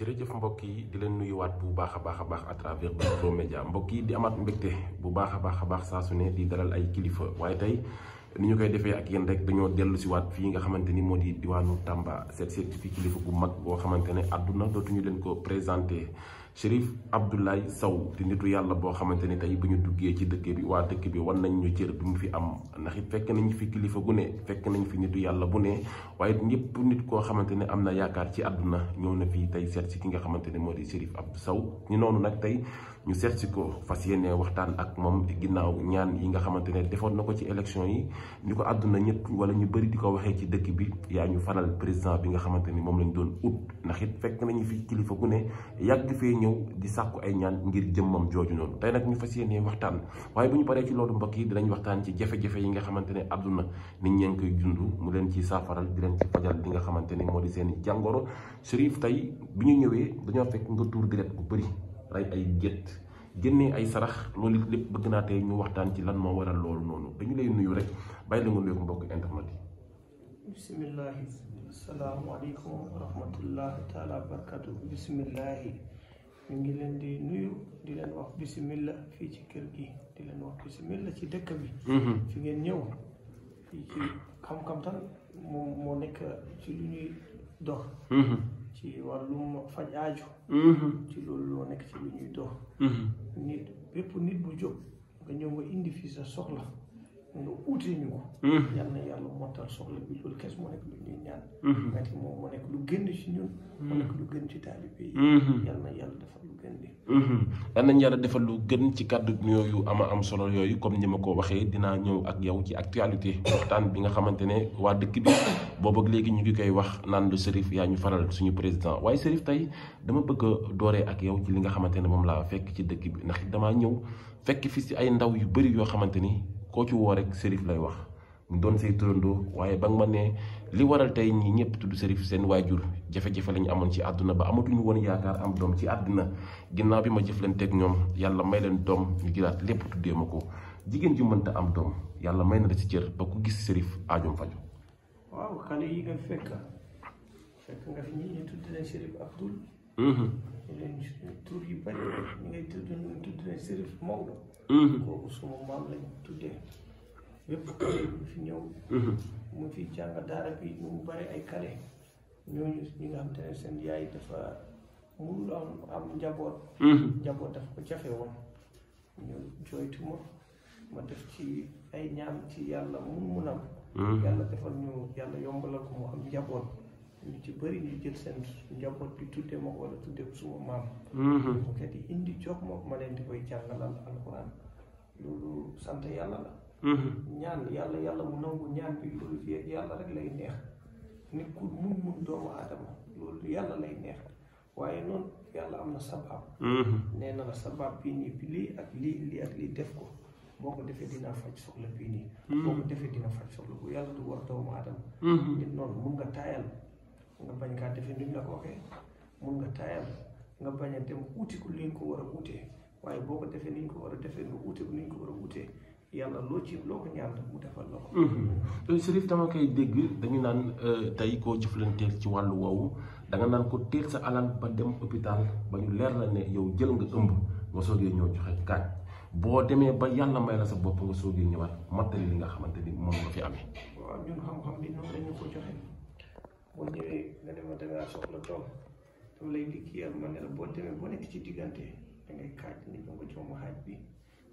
jërëjëf mbokk yi di leen nuyuwaat bu baax a baax a baax à travers Bprod Média mbokk yi di amaat mbégte bu baax a baax a baax saa su ne di dalal ay kilifa waaye tey ni ñu koy defee ak yéen rek dañoo dellu si waat fii nga xamante ni moo di diwaanu Tamba seet seet fi kilifa bu mag boo xamante ne àdduna dootuñu leen ko présenté. Chérif Abdoulaye Sow di nitu yàlla boo xamante ne tey bu ñu duggee ci dëkk bi waa dëkk bi wan nañ ñu cër bi mu fi am ndax it fekk nañ fi kilifa gu ne fekk nañ fi nitu yàlla bu ne waaye ñëpp nit koo xamante ne am na yaakaar ci àdduna ñëw na fii tey seet si ki nga xamante ne moo di Chérif Abdou Sow ñu noonu nag tey ñu seet si ko fasiyene waxtaan ak mom ginnaw ñaan yi nga xamantene defoon nako ci élection yi ñuko aduna àdduna wala ñu bari diko waxe ci dëkk bi fanal président bi nga xamantene mom lañ doon ut na xit fekk nañu fi kilifa ku ne yag fi ñew di sakku ay ñaan ngir jëmmam joju non tay nak ñu fasiyene waxtaan waye buñu paré ci loolu mbokk yi dinañ waxtaan ci jafé jafé yi nga xamantene aduna àdduna nit ñeen koy jundu mu leen ci safaral di leen ci fajal nga xamantene modi seen jangoro tay biñu ñëwé dañu fekk nga tour direct bu bari ray ay jet genné ay sarax loolu lepp bëgg na tay ñu waxtaan ci lan mo waral loolu nonu dañu lay nuyu rek bay la nga nuyu ko mbokk internet yi assalamu alaykum wa rahmatullah taala wa barakatu ñu ngi leen di nuyu di leen wax bismillah fi ci kër gi di leen wax bismillah ci dëkk bi mhm. fi ngeen ñëw fii ci xam-xam tan mo ci lu ñuy dox mhm. ci wàllum faj aaju. Mm-hmm. ci loolu loo nekk ci lu ñuy dox. Mm-hmm. nit bépp nit bu jóg nga ñëw nga indi fii sa soxla nga uute ñu ko. Mm-hmm. yal na yàlla mottal soxla bi loolu kees moo nekk lu ñuy ñaan. mais moom moo nekk gën mm-hmm. mm-hmm. na mm-hmm. yàlla defal lu gën ci kàddu yooyu yu ama am solo yooyu comme ni ma ko waxee dinaa ñëw ak yow ci actualité waxtaan bi nga xamante ne waa dëkk bi boobu ak léegi ñu ngi koy wax naan lu Serif yaa ñu faral suñu président waaye Serif tey dama bëgg a dooree ak yow ci li nga xamante ne moom laa fekk ci dëkk bi ndax damaa ñëw fekk fi si ay ndaw yu bëri yoo xamante ni koo ci woo rek Serif lay wax. don doon turundo waye bang ba ma ne li waral tay ñi ñepp tuddu sërif sen wajur jafé jafé lañu amon ci aduna ba amatu ñu won yaakar am dom ci aduna ginnaw bi ma ak ñom yalla may leen dom ñu giraat lepp tuddé mako jigen jigéen ji mënta am dom yalla may na ci cër ba ku gis sërif aajoom faju waaw xale yi nga fekk fekk nga fi ñi mhm. ñu tudd nañ sërif abdul tur yi bari ñi ngay tudd nañ tudd nañ sërif hmm ko suma maam lañ tuddé yëpp fi ñëw mhm. mu fi jàng daara bi ñu bari ay kale ñooñu ñi nga xam te ne seen yaay dafa mënul am am njaboot mhm. njaboot dafa ko jafe woon ñu jooytu ma ma def ci ay ñaan ci yàlla mun munam mhm. yàlla defal ñu yàlla yombalal ko mu am njaboot ñu ci bari ñu jël seen njaboot bi tuddee ma wala tuddee suma maam kat yi indi jox ma ma leen di koy jàngalal alquran loolu sant yàlla la Mm-hmm. ñaan yàlla yàlla mu nangu ñaan bi loolu fii yàlla rek lay neex nit ku mun mun doomu aadama loolu yàlla lay neex waaye noonu yàlla am na sabab mm-hmm. ne na la sabab bii nii bi lii ak lii lii ak lii def ko boo ko defee dina faj soxla bii nii mm-hmm. boo ko defee dina faj soxla bu yàlla du war doomu aadama nit noonu mun nga taayal nga bañ kaa defee ni ñu la ko waxee mun nga taayal nga bañ a dem uuti ku liñ ko war a uutee waaye boo ko defee ni ñu ko war a defee nga uute ku ni ko war a uutee yàlla loo ci loo ko ñaan mu defal la ko. Mm-hmm. Chérif dama koy dégg dañu naan euh, tey koo jëflanteel ci wàllu woowu danga naan ko teel sa alal ba dem hôpital ba ñu leer la ne yow jël nga ëmb nga soogee ñëw joxe kaaj boo demee ba yàlla may la sa bopp nga soogee ñëwaat li nga xamante ni moom nga fi amee. waaw ñun xam-xam bi noonu ko joxe boo ñëwee nga dem da ngaa soxla doom dama lay liggéeyal ma ne la boo demee boo nekk ci diggante da kaaj ni ko nga jox xaaj bi.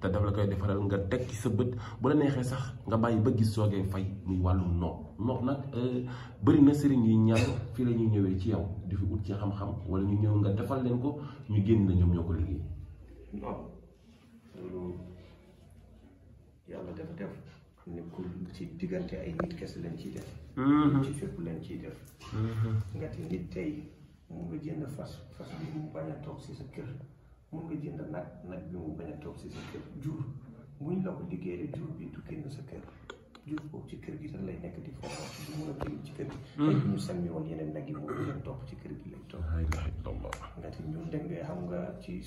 te daf la koy defaral nga teg ci sa bët bu la nexé sax nga bayyi ba gis soogee fay muy no no nak euh bari na sëriñ yi ñaan fi la ñuy ñëwé ci yow di fi ut ci xam-xam wala ñu ñëw nga defal leen ko ñu génn na ñom ñoko liggé no non loolu yàlla def xam ko ci diggante ay nit kess lañ ci def. ci fepp lañ ci def. nga te nit tay mu nga jënd fas fas bi mu baña tok ci sa kër. mun nga jënd nag nag bi mu bañ a toog si sa kër jur bu ñu la ko liggéeyee jur bi du génn sa kër jur boobu ci kër gi sax lay nekk di foofu mun a génn ci kër gi. Hmm. yi moom leen topp ci kër gi lay topp. nga te ñun da nga xam nga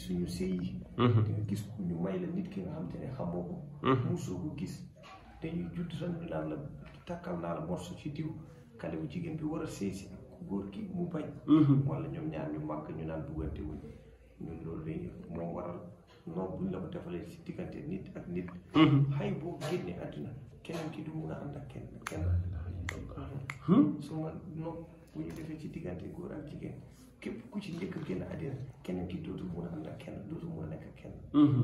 suñu sëy yi. di hmm. gis ñu may la nit ki nga xam te ne xamoo ko. Hmm. naa ci diw xale bu jigéen bi war a sëy si ak ku góor ki mu bañ. wala ñoom ñaar ñu màgg ñu naan buggante wuñ. ñun loolu la ñuy moo waral noonu buñ la ko defalee si diggante nit ak nit. Mhm. xay boo génnee àdduna keneen ki du mun a ànd ak kenn kenn. Hmm? su ma noonu bu ci diggante góor ak jigéen képp ku ci njëkk ki dootul a ànd ak kenn dootul mun a kenn. Mhm.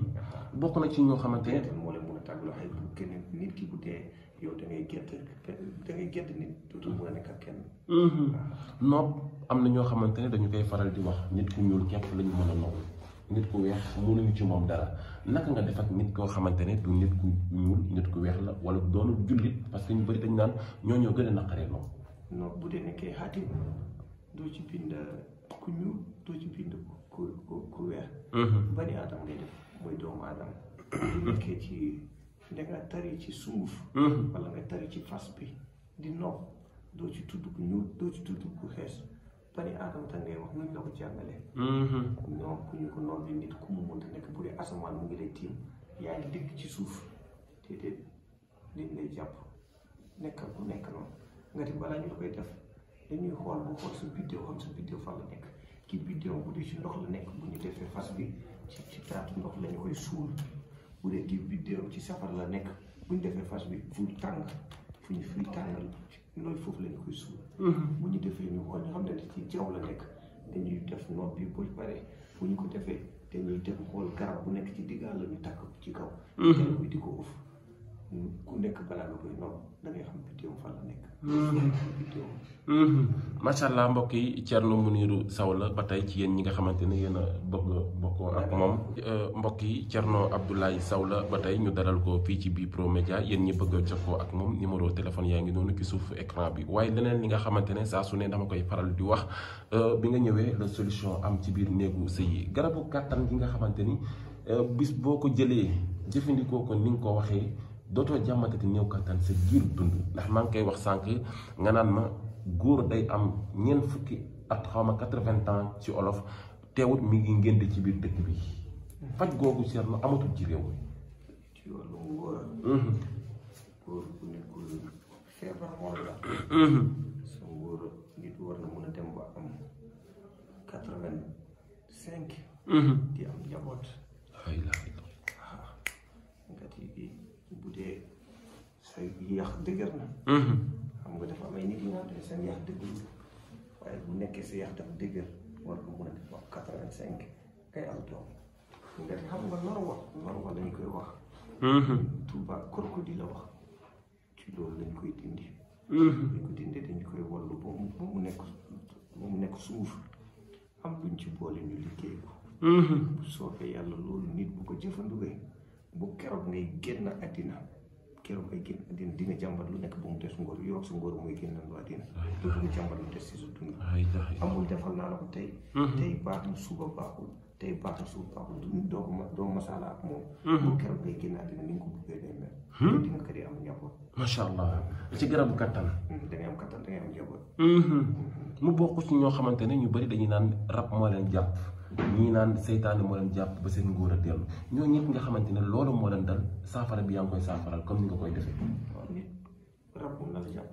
bokk na ci ñoo xamante ne. moo la mun a tàggaloo xay bu keneen nit ki bu yow da ngay gerte da ngay gerte nit dootul mun a nekk ak kenn. Mhm. noonu. am na ñoo xamante ne dañu koy faral di wax nit ku ñuul képp lañu mën a noonu nit ku weex mënuñu ci moom dara naka nga def nit koo xamante ne du nit ku ñuul nit ku weex la wala doonul jullit parce que ñu bëri dañ naan ñoo ñoo gën a naqaree noonu. non bu dee ci bind ku ñuul doo ci bind ku ku ku mm-hmm. ngay def mooy doomu aadama. nekkee ci da nga tari ci suuf. Mm-hmm. wala nga tari ci fas bi di nopp doo ci tudd ku ñuul doo ci tudd ku xees. bani aadama te ngay wax ñu la ko jàngale ñoom mm-hmm. bu ñu ko noonu nit ku mu mënta nekk bu dee asamaan mu ngi lay tiim yaa ngi dégg ci suuf te déet liñ lay jàpp nekkal ku nekk noonu nga ti balaa ñu koy def dañuy xool bu xool sa biddéew xam sa biddéew fan la nekk kii biddéew bu dee ci ndox la nekk bu ñu defee fas bi ci ci taatu ndox lañu koy suul bu dee kii biddéew ci safar la nekk bu ñu defee fas bi fuy tàng fuy tàngal loolu foofu lañ koy suul. Mhm. bu ñu defee ñu xool ñu xam ne ci jaww la nekk dañuy def nopp bi buñ paree bu ñu ko defee dañuy dem xool garab bu nekk ci diggaal lañu ñu takk ci kaw. te mhm. di ko ëff. ku nekk balaa nga koy noonu da ngay xam bidéew fan la nekk. Mm-hmm. bidéew. macha mm-hmm. allah mbokk yi la ba tey ci yéen ñi nga xamante ne yéen a bëgg bokkoo ak moom. Euh, mbokk yi Thierno Abdoulaye Sow la ba tey ñu dalal ko fii ci biir Pro Média yéen ñi bëgg a jokkoo ak moom numéro téléphone yaa ngi noonu ci suuf écran bi waaye leneen li nga xamante ne saa su ne dama koy faral di wax euh, bi nga ñëwee la solution am ci biir néegu sëy yi garabu kàttan gi nga xamante ni euh, bis boo ko jëlee jëfandikoo ko ni nga ko waxee. dootoo jàmmatati néew kattan sa giir dund ndax maa ngi koy wax sànq nga naan ma góor day am ñeent fukki at xaw ma quatre-vingts ans ci olof teewut mi ngi ngénte ci biir dëkk bi faj googu seer na amatul ci réew mi. Mhm. góor bu nit ku feebar la. Mhm. a dem quatre-vingt-cinq. Mhm. di am njaboot. sa yax dëgër na mhm. xam nga dafa am ay nit ñoo xam ne seen yax dëgër waaye bu nekkee sa yax dafa dëgër war nga mën a def wax quatre vingt cinq kay am doom nga xam nga narwa narwa lañ koy wax mhm. tuuba crocodile la wax ci loolu lañ koy dindi dañ mhm. ko dindee dañ koy wallu ba mu ba mu nekk ba mu nekk suuf am luñ ci boole ñu liggéey ko bu soobee yàlla loolu nit bu ko jëfandikoo bu keroog ngay génn àddina keroog ay génn dina dina jàmbat lu nekk bu mu des ngóor yoroog sa ngóor muy génn waa dina jàmbat lu des si sa dund amul defal naa la ko tey mm-hmm. baax na suba baaxul tey baax na suba baaxul du doo ko doo masaala ak moom mm-hmm. bu keroog ngay génn àddina ni nga ko buggee day mel hmm? di nga ko am njaboot macha allah ci garabu kattan mm-hmm. da mu bokk ci ñoo xamante ne ñu bari dañu naan rab moo leen jàpp ñii naan seytaane moo leen jàpp ba seen ngóor a dellu ñoo ñëpp nga xamante ne loolu moo leen dal saafara bi yaa ngi koy saafaral comme ni nga koy defee. waaw nit rab la jàpp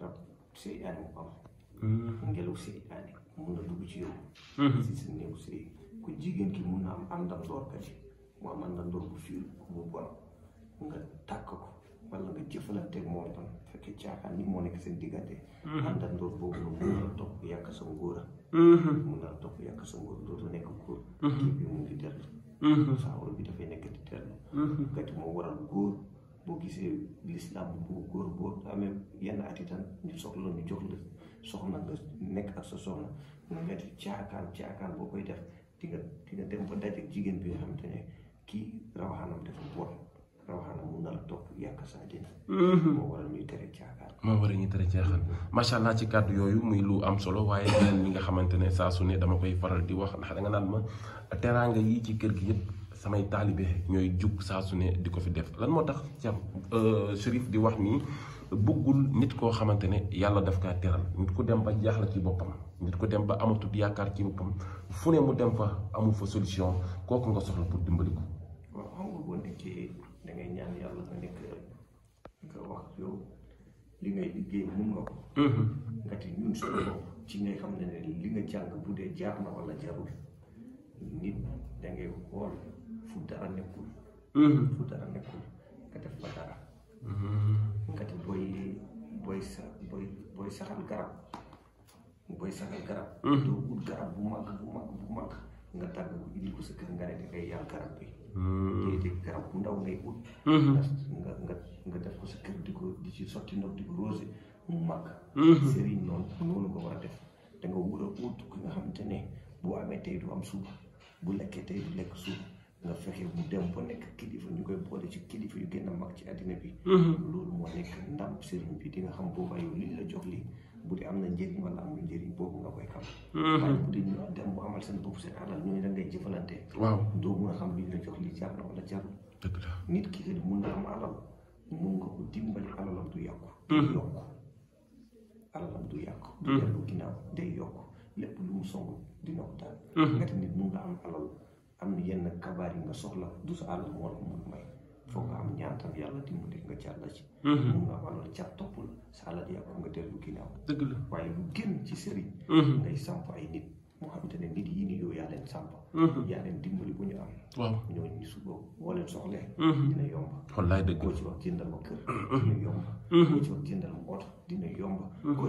rab hmm. hmm. ki mu am àndandoor bu fiir bu bon nga tàkk ko ni moo nekk seen diggante. Hmm. àndandoor boobu noonu mun topp yàq sa ngóora. mu nar a topp yàq sa nguur dootu nekk góor kii bi bi dafay nekk di dellu gati moo waral góor boo gisee lislaam bu góor boo amee yenn ati tan ñu soxla ñu jox la soxna nga nekk ak sa soxna mu nekk caakaan caakaan boo koy def di nga di nga dem ba daje jigéen bi nga xamante ne kii rawaxaanam dafa bon topp yàq sa àddina mhm. moo waral ñuy tere tere caaxaan macha allah ci kàddu yooyu muy lu am solo waaye leneen li nga xamante ne saa su ne dama koy faral di wax ndax da nga naan ma teraanga yi ci kër gi yëpp samay taalibe ñooy jug saa su ne di ko fi def lan moo tax ceeb euh, Chérif di wax nii buggul nit koo xamante ne yàlla daf kaa teral nit ko dem ba jaaxle ci boppam nit ko dem ba amatut yaakaar ci boppam fu ne mu dem fa amul fa solution kooku nga soxla pour dimbali ngay ñaan yàlla nga nekk nga wax yow li mhm. ngay liggéey mun nga ko nga te ñun suñu bopp ci ngay xam ne li nga jàng bu jaar na wala jarul nit da ngay xool fu dara nekkul mhm. fu dara nekkul nga def fa dara nga mhm. te boy boy sa booy booy boy sa booy saxal garab doo ut bu mag bu mag bu mag nga tagu ko sa kër nga ngay téye garab bu ndaw ngay ut nga nga def ko sa kër di ko di ci sotti ndox di ko mu màgg sëriñ noonu nga war a def da nga wut a ut ki nga xamante ne bu amee tey du am suba bu lekkee tey du lekk suba nga fexe mu dem ba nekk kilifa ñu koy boole ci kilifa yu gën a mag ci àddina bi loolu moo nekk ndam sëriñ bi di nga xam booba yow li la jox lii bu dee am na njëriñ wala amul njëriñ boobu nga koy xam. Mhm. waaye bu dee ñu dem bu amal seen bopp seen alal ñooñu doo mun a xam li ñu jox li jar na wala jarul. dëgg la nit ki kat mun na am alal mun nga ko dimbali alalam du yàqu. du mhm. yokku alalam du yàqu. du mhm. dellu ginnaaw day yokku lépp lu mu song dina ko daal. nga nit mun nga am alal am yenn kabaar nga soxla du sa alal moo la ko may. foog nga am ñaan tam yàlla dimbali nga ci àll ci. mun nga wàllu cat topp la sa àll di yàqu nga dellu ginnaaw. waaye lu génn ci sëriñ. ngay samp ay nit. moo xamante ne nit yi nii yow yaa leen sàmp. Mhm. yaa leen dimbali bu ñu am. waaw ñooñu ñu suba boo leen soxlee. Mhm. dina yomb. wallaay dëgg koo ci wax jëndal ma kër. Mhm. dina yomb. koo ci wax jëndal ma dina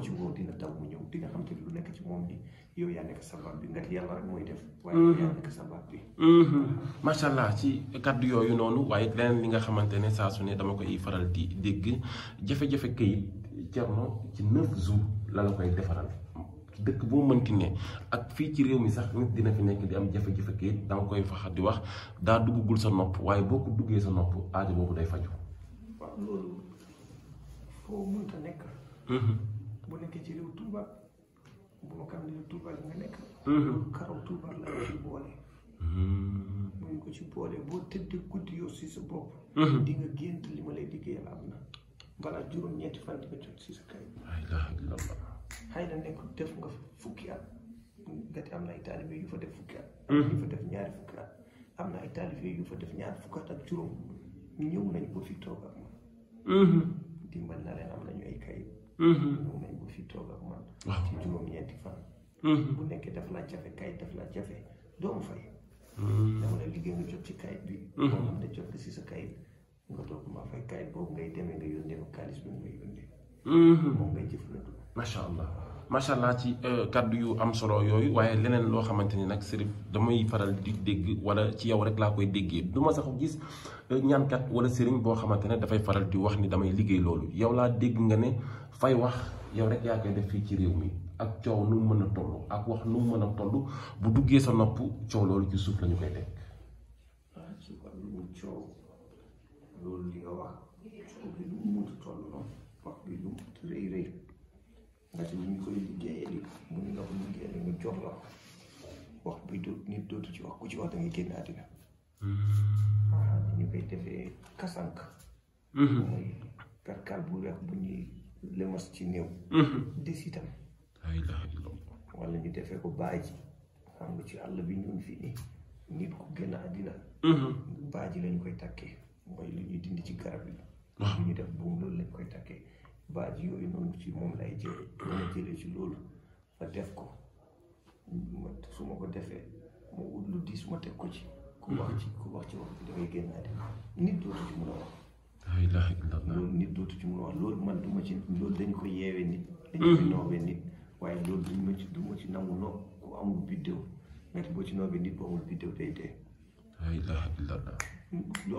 ci woo dina taw mu ñëw di nga xam te lu nekk ci moom ni yow yaa nekk sabab bi ndax yàlla rek mooy def. waaye yow yaa nekk sabab bi. macha allah ci kaddu yooyu noonu waaye leneen li nga xamante ne saa su ne dama koy faral di dégg jafe-jafe këyit Thierno ci neuf jours la la koy defaral. dëkk boo mënti ne ak fii ci réew mi sax nit dina fi nekk di am jafe-jafe kayit da koy faxat di wax daa duggagul sa nopp waaye boo ko duggee sa nopp aada boobu day faju waaw loolu foo mënta nekk. Mhm. bu nekkee ci réew Touba bu ma xam ne Touba li nga nekk. Mhm. karaw Touba la ci boole. mu mhm. ngi ko ci boole boo tëddee guddi yow si sa bopp. di nga li ma lay liggéeyal am na. balaa juróom-ñetti fan di jot si sa kayit. xëy na nekk def nga fukki at nga am na ay taalibe yu fa def fukki at. Mhm. yu fa def ñaari fukki at am na ay taalibe yu fa def ñaari fukki at ak juróom ñëw nañ ko fi toog ak man. Mhm. dimbal na leen am nañu ay kayit. Mhm. ñëw nañ ko fi toog ak man. ci juróom-ñeenti fan. bu nekkee daf laa jafe kayit daf laa jafe doomu fay. dama ne liggéey nga jot ci kayit bi. boo xam ne jot nga si sa kayit nga doog maa fay kayit boobu ngay demee nga yónnee ko xaalis bi nga yónnee. moom ngay jëfandikoo. macha allah. macha allah ci euh, kàddu yu am solo yooyu waaye leneen loo xamante ni nag Cherif damay faral di dégg wala ci yow rek laa koy déggee du ma sax gis euh, ñaankat wala sëriñ boo xamante ne dafay faral di wax ni damay liggéey loolu yow laa dégg nga ne fay wax yow rek yaa koy def fii ci réew mi ak coow nu mu mën a toll ak wax nu mu mën a toll bu duggee sa nopp coow loolu ci suuf la koy teg. parce que ñu koy liggéeyee di mun nga ko liggéeyee jox la wax bi du dootu ci wax ku ci wax da génn àddina hmm. ñu hmm. bu weex bu ci néew hmm. ñu defee ko baay ji xam nga ci àll bi ñun fii nii nit ku génn àddina baay ji lañ koy takkee mooy lu ñuy dindi ci garab yi ñu def buum loolu lañ koy takkee baat yooyu noonu ci moom lay jëlee ci loolu ma def ko ma su ma ko defee ma wut lu diis ma teg ko ci ku wax ci wax ci wax bi dafay génnaate nit dootu ci mun a nit dootu ci mun a wax loolu man du ma ci loolu dañ ko yeewee nit mm-hmm. dañ ko noobee nit waaye loolu duñ ma ci du ma ci nangu no ku amul boo ci noobee nit bu amul biddéew day dee laa ilaaha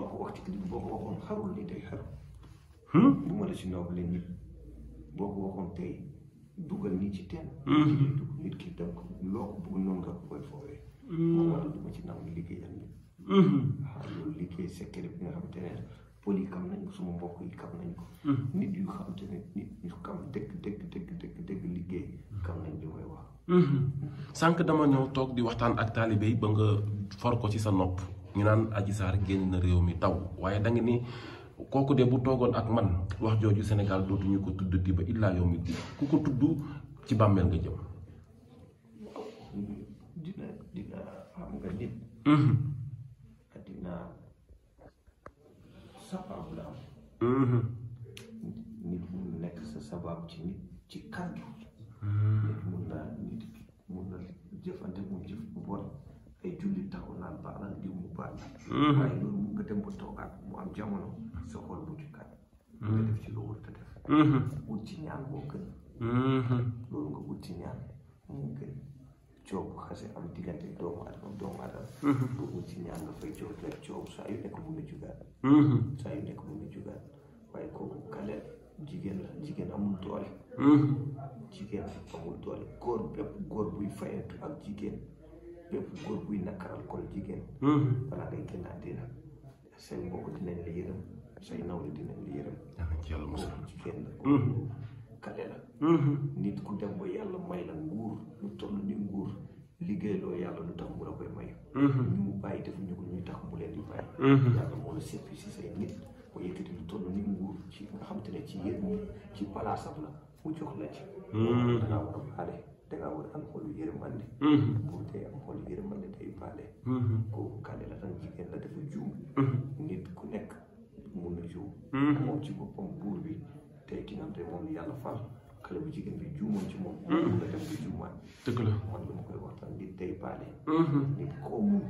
ko wax ci boo ko waxoon xarul ni day xaru du ma la si noble nit boo ko waxoon tey dugal nit ci teen nit ki donc loo ko bugg noonu nga koy foowee nit liggéey secret bi nga xamante ne pël yi xam nañ suma mbokk yi xam ko nit yu xamante ne nit ñu xam dëgg dëgg dëgg dëgg liggéey kam nañ li may wax sànq dama ñëw toog di waxtaan ak taalibe ba nga for ko ci sa nopp ñu naan Adji Sarr génn na réew mi taw waaye da nga koku de bu togon ak man wax jooju senegal dootuñu ko tuddati ba illa yow mi ku ko tuddu ci bammel nga jëm. dina dina nga nit. Mhm. dina la mhm. nit sa ci nit ci mhm. nit na jëfante dem ba toogaat mu am jamono sa xol bu jukkaat nga def ci loolu te def wut ci ñaan bo gën loolu nga wut ci ñaan moo gën coow bu xase am diggante doomu adama doomu adama nga wut ci ñaan nga fay coow te coow saa yu nekk mu ngi jugaat saa yu nekk mu ngi jugaat waaye kooku kale jigéen la jigéen amul doole jigéen amul doole góor bépp góor buy fayantu ak jigéen bépp góor buy nakkaral kol jigéen balaa ngay génn àddina say mbokk dinañ la yërëm say nawle dinañ la yërëm. ci yàlla mos ci kenn mhm. kale la. Mhm. nit ku dem ba yàlla may la nguur lu toll ni nguur liggéeyloo yàlla lu tax mu la koy may. Mhm. ñu mu bàyyi ñu ko ñu tax mu leen di bàyyi. yàlla moo la seppi si say nit ba yëkkati lu toll ni nguur ci nga xam te ne ci yéen ci palaasam la mu jox la ci. danaa war a baale. danga war am xolu yërmande boo tey am xolu yërmande tey baale kooku kale la tan jigéen la dafa juum nit ku nekk mun na juum moom ci boppam buur bi tey ki nga xam te moom la yàlla fal xale bu jigéen bi juumoon ci moom mun na dem bi juumaan dëgg la man nit day baale nit koo mun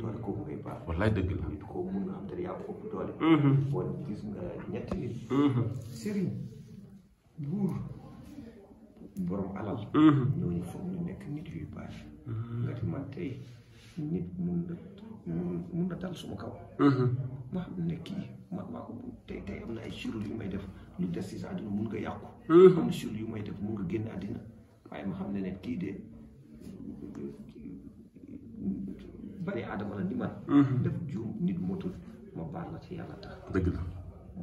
doole kooku dëgg la nit koo mun nga xam te doole bon gis nga ñetti nit sëriñ buur borom alal. Mm-hmm. ñooñu foog ñu nekk nit yu baax. Mm-hmm. nga di man tey nit mun na mun suma kaw. ma xam mm-hmm. ne kii man maa tey tey am na ay surul yu may def lu def si sa àddina mun nga yàqu. am na surul yu may def mun nga génn àddina waaye ma xam ne ne kii de bari aadama la ni man. def juum nit motul ma baal la ci yàlla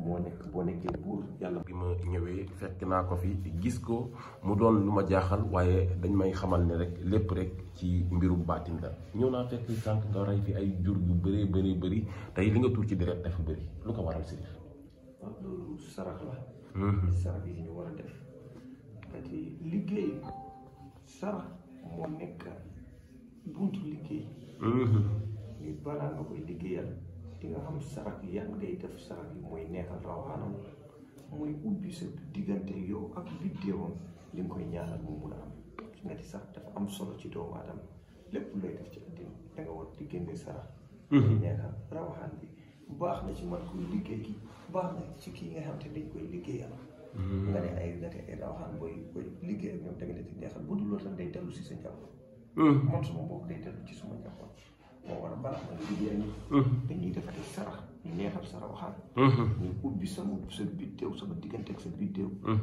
moo nekk boo nekkee buur yàlla bi ma ñëwee fekk naa ko fi gis ko mu doon lu ma jaaxal waaye dañ may xamal ne rek lépp rek ci mbirum baatin la ñëw naa fekk sànq nga rey fi ay jur yu bëree bëri bëri tey li nga tuur ci deret dafa bëri lu ko waral si waaw sarax la. Mhm. sarax yi ñu war a def parce que liggéey sarax moo nekk buntu liggéey. Mhm. ni balaa nga koy liggéeyal. di nga xam sarak yan ngay def sarak yi mooy neexal rawaanam mooy ubbi sa diggante yow ak biddeewam li nga koy ñaanal mu mun a am nga di sax dafa am solo ci doomu aadama lépp looy def ci àddina da di génne sarak mhm. di neexal rawaxaan baax na ci man koy liggéey gi baax ci kii nga xam te dañ koy liggéeyal mhm. nga ay nga ne ay rawaxaan booy booy liggéey ak ñoom da nga neexal bu dul loolu day dellu si sa njaboot mhm. man suma boobu day dellu ci suma njaboot moo war a bala ma jigéen ñi dañuy defati sarax ñu neexal sarax waxaat mhm. ñu ubbi sama sa biddéew sama diggante ak sa biddéew mhm.